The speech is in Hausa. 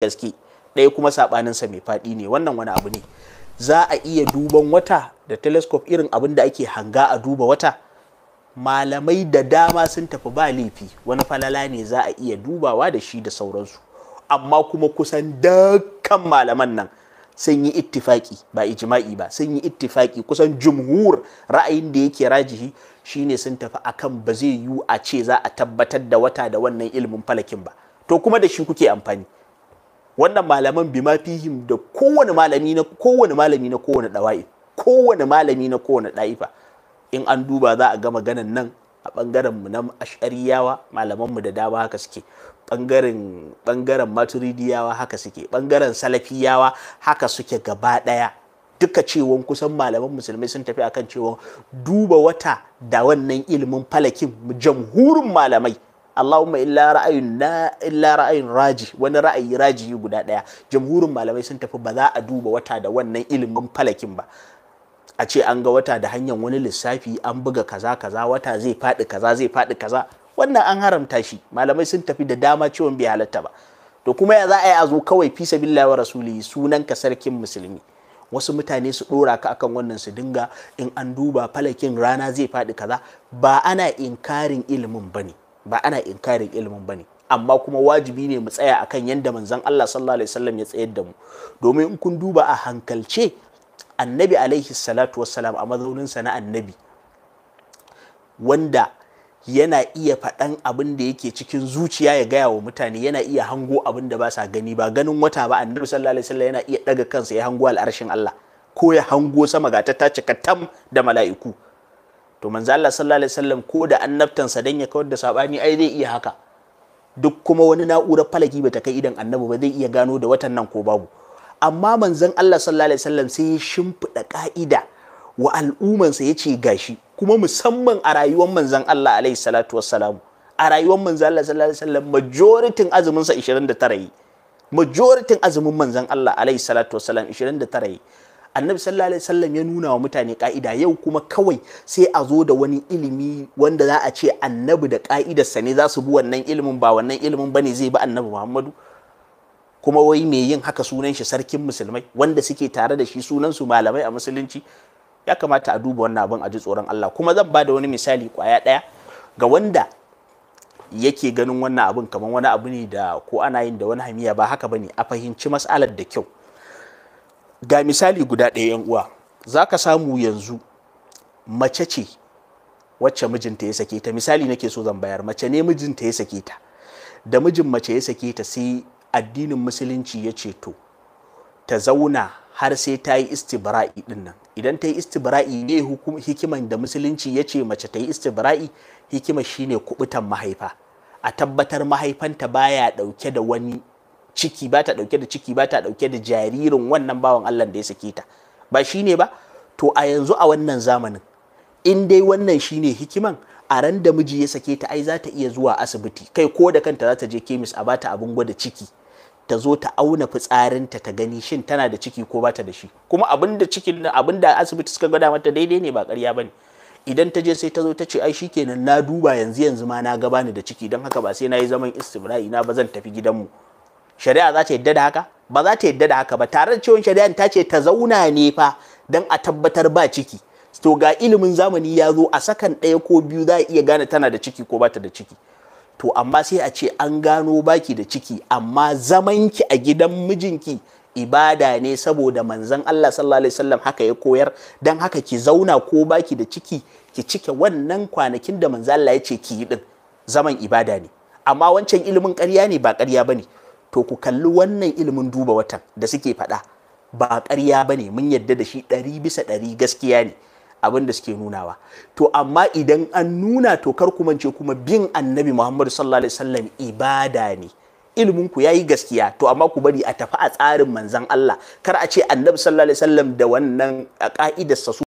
gaske ɗaya kuma saɓaninsa mai faɗi ne wannan wani abu ne za a iya duban wata da telescope irin abin da ake hanga a duba wata malamai da dama sun tafi ba laifi wani falala ne za a iya dubawa da shi da sauransu amma kuma kusan dukkan malaman nan sun yi ittifaki ba ijma'i ba sun yi ittifaki kusan jumhur ra'ayin da yake rajihi shine sun tafi akan ba zai yiwu a ce za a tabbatar da wata da wannan ilimin falakin ba to kuma da shi kuke amfani wannan malaman ma fihim da kowane malami na kowane malami na kowane dawa'i kowane malami na kowane da'ifa. in an duba za a ga maganan nan a bangaren mu na ashariyawa malaman mu da dama haka suke Bangaren bangaren maturidiyawa haka suke Bangaren salafiyawa haka suke gaba ɗaya duka cewon kusan malaman musulmai sun tafi akan cewon duba wata da wannan ilimin falakin jamhurin malamai Allahumma illa ra'ayin na illa ra'ayin raji wani ra'ayi raji guda daya jamhurin malamai sun tafi ba za a duba wata da wannan ilimin falakin ba a ce an ga wata da hanyar wani lissafi an buga kaza kaza wata zai faɗi kaza zai faɗi kaza wannan an haramta shi malamai sun tafi da dama ciwon bai halatta ba to kuma ya za a yi a zo kawai fi sabillahi wa rasuli sunan ka sarkin musulmi wasu mutane su ɗora ka akan wannan su dinga in an duba falakin rana zai faɗi kaza ba ana inkarin ilimin ba ne ba ana inkarin ilimin ba ne. amma kuma wajibi ne mu tsaya akan yadda manzon Allah sallallahu alaihi wasallam ya tsayar da mu domin in kun duba a hankalce annabi alaihi salatu wassalam a mazauninsa na annabi wanda yana iya faɗan abin da yake cikin zuciya ya gaya wa mutane yana iya hango abin da ba sa gani ba ganin wata ba annabi sallallahu alaihi wasallam yana iya ɗaga kansa ya hango al'arshin Allah ko ya hango sama ga ta cika tam da mala'iku to manzo Allah sallallahu alaihi wasallam ko da annabtansa dan ya kawar da sabani ai zai iya haka duk kuma wani na'urar falaki ba ta kai idan annabi ba zai iya gano da watan nan ko babu amma manzon Allah sallallahu alaihi wasallam sai ya shimfiɗa ka'ida wa al'umansa ya ce gashi kuma musamman a rayuwar manzon Allah alaihi salatu wassalam a rayuwar manzo Allah sallallahu alaihi wasallam majoritin azumin sa 29 yi majoritin azumin manzon Allah alaihi salatu wassalam 29 yi annabi sallallahu alaihi wasallam ya nuna wa mutane ka'ida yau kuma kawai sai a zo da wani ilimi wanda za a ce annabi da ka'idarsa ne za su bi wannan ilimin ba wannan ilimin bane zai bi annabi muhammadu kuma wai mai yin haka sunan shi sarkin musulmai wanda suke tare da shi sunan su malamai a musulunci ya kamata a duba wannan abin a ji tsoron Allah kuma zan ba da wani misali kwaya daya ga wanda yake ganin wannan abin kamar wani abu ne da ko ana yin da wani hamiya ba haka bane a fahimci mas'alar da kyau ga misali guda ɗaya uwa za ka samu yanzu mace ce wacce mijinta ya sake ta misali nake so zan bayar mace ne mijinta ya sake ta da mijin mace ya sake ta sai addinin musulunci ya ce to ta zauna har sai ta yi istibra'i ɗin nan idan ta yi istibra'i ne hikiman da musulunci ya ce mace ta yi istibra'i hikima shine kubutan mahaifa a tabbatar mahaifanta baya dauke da wani ciki ba ta dauke da ciki ba ta dauke da jaririn wannan bawan Allah da ya sake ta ba shine ba to a yanzu a wannan zamanin in dai wannan shine hikiman a ran da miji ya sake ta ai za ta iya zuwa asibiti kai ko da kanta za ta je kemis a bata abin gwada ciki ta zo ta auna fitsarinta ta gani shin tana da ciki ko bata da shi kuma abin da cikin abin da asibiti suka gwada mata daidai ne ba ƙarya bane idan ta je sai ta zo ta ce ai shikenan na duba yanzu yanzu ma na gabani da ciki don haka ba sai na yi zaman istimra'i na ba zan tafi gidanmu shari'a za ta yadda da haka ba za ta yadda da haka ba tare da cewa shari'a ta ce ta zauna ne fa don a tabbatar ba ciki to ga ilimin zamani ya zo a sakan ɗaya ko biyu za a iya gane tana da ciki ko ba ta da ciki to amma sai a ce an gano baki da ciki amma zamanki a gidan mijinki ibada ne saboda manzon Allah sallallahu alaihi wasallam haka ya koyar dan haka ki zauna ko baki da ciki ki cike wannan kwanakin da manzon Allah ya ce ki yi din zaman ibada ne amma wancan ilimin ƙarya ne ba ƙarya bane to ku kalli wannan ilimin duba watan da suke faɗa ba ƙarya ba ne mun yadda da shi ɗari bisa ɗari gaskiya ne abin da suke nunawa to amma idan an nuna to kar ku mance kuma bin annabi muhammadu sallallahu alaihi wasallam ibada ne ilimin ku yayi gaskiya to amma ku bari a tafi a tsarin manzon Allah kar a ce annabi sallallahu alaihi wasallam da wannan ka'idarsa